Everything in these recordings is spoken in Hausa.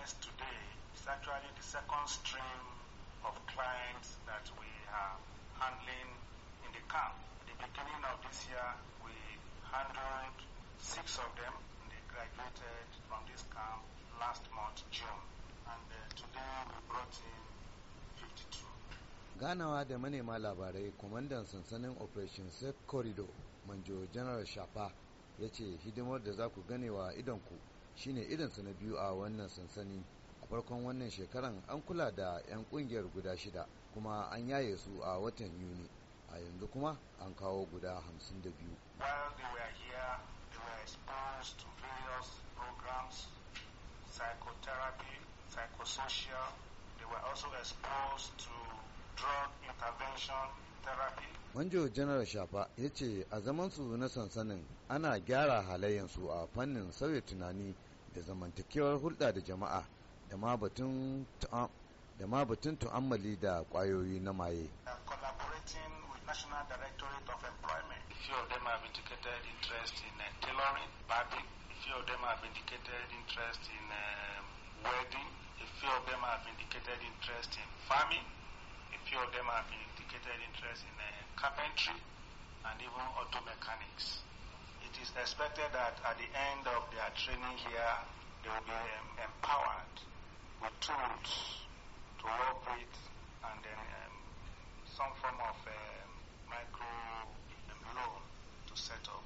clients today is actually the second stream of clients that we are handling in the camp. At the beginning of this year, we handled six of them. They graduated from this camp last month, June. And uh, today we brought in 52. Ganawa da manema labarai, kwamandan sansanin Operation Safe Corridor, Manjo General Shafa, ya ce hidimar da za ku ganewa idonku shine irinsu na biyu a wannan sansani a farkon wannan shekaran an kula da 'yan kungiyar guda shida kuma an yaye su a watan yuni a yanzu kuma an kawo guda 52 Wanjo psychosocial. Manjo Janar Shafa ya ce a zamansu na sansanin ana gyara halayensu a fannin sauya tunani da zamantakewar hulɗa da jama'a da ma batun tu'ammali da ƙwayoyi na maye. Uh, National Directorate of Employment. Few of them have indicated interest in uh, tailoring, barbing. Few of them have interest in um, A few of them have interest in farming. A few of them have indicated interest in uh, carpentry and even auto mechanics. is expected that at the end of their training here, they will be um, empowered with tools to work with and then um, some form of um, micro loan to set up.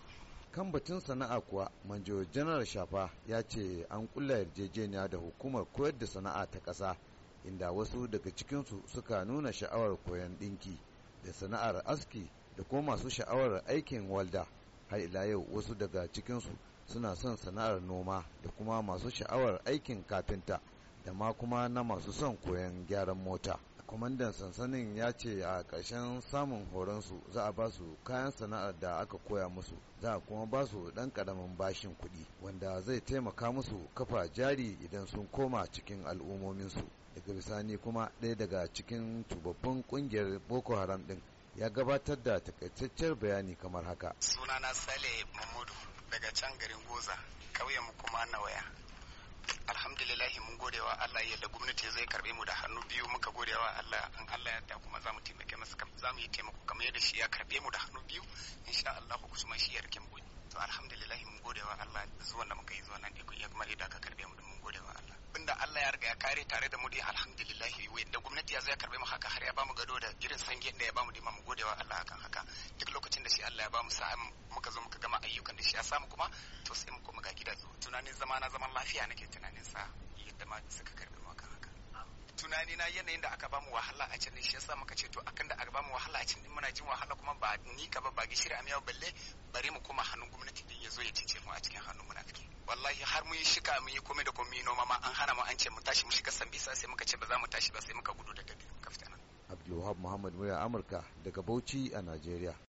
kan batun sana'a kuwa manjo janar shafa ya ce an kulla yarjejeniya da hukumar koyar da sana'a ta ƙasa inda wasu daga cikinsu suka nuna sha'awar koyon ɗinki da sana'ar aski da kuma masu sha'awar aikin walda har ila yau wasu daga cikinsu suna son sana'ar noma da kuma masu sha'awar aikin kafinta da ma kuma na masu son koyon gyaran mota kwamandan sansanin ya ce a ƙarshen samun horonsu za a ba su kayan sana'ar da aka koya musu za a kuma ba su ɗan ƙaramin bashin kuɗi wanda zai taimaka musu kafa jari idan sun koma cikin al'ummominsu daga bisani kuma ɗaya daga cikin tubabbin ƙungiyar boko haram ɗin ya gabatar da takaitaccen bayani kamar haka. Sunana Sale Mahmudu daga can garin Goza, mu kuma na waya. Alhamdulillah mun godewa Allah yadda gwamnati zai karbe mu da hannu biyu muka godewa Allah in Allah ya da kuma zamu taimake masa zamu yi taimako kamar yadda shi ya karbe mu da hannu biyu insha Allah kuma shi ya rike mu. To alhamdulillah mun godewa Allah zuwan da muka yi zuwan nan da kuma yadda aka karbe mu mun godewa Allah. ya kare tare da mu dai alhamdulillahi da gwamnati ya zo ya karbe mu haka har ya bamu gado da irin sange da ya bamu dai mu godewa Allah akan haka duk lokacin da shi Allah ya bamu sa'a muka zo muka gama ayyukan da shi ya samu kuma to sai mu koma ga gida tunanin zama na zaman lafiya nake tunanin sa yadda ma suka karbe mu hakan haka tunani na yanayin da aka bamu wahala a can shi yasa muka ce to akan da aka bamu wahala a can muna jin wahala kuma ba ni ka ba ba gishiri amiyawa balle bari mu koma hannun gwamnati mun yi shika mun yi komai da kome noma ma an hana mu an ce mu tashi mu shiga sambisa sai muka ce ba za mu tashi ba sai muka gudu daga muka nan Abdulwahab Muhammad Murya Amurka daga Bauchi a Najeriya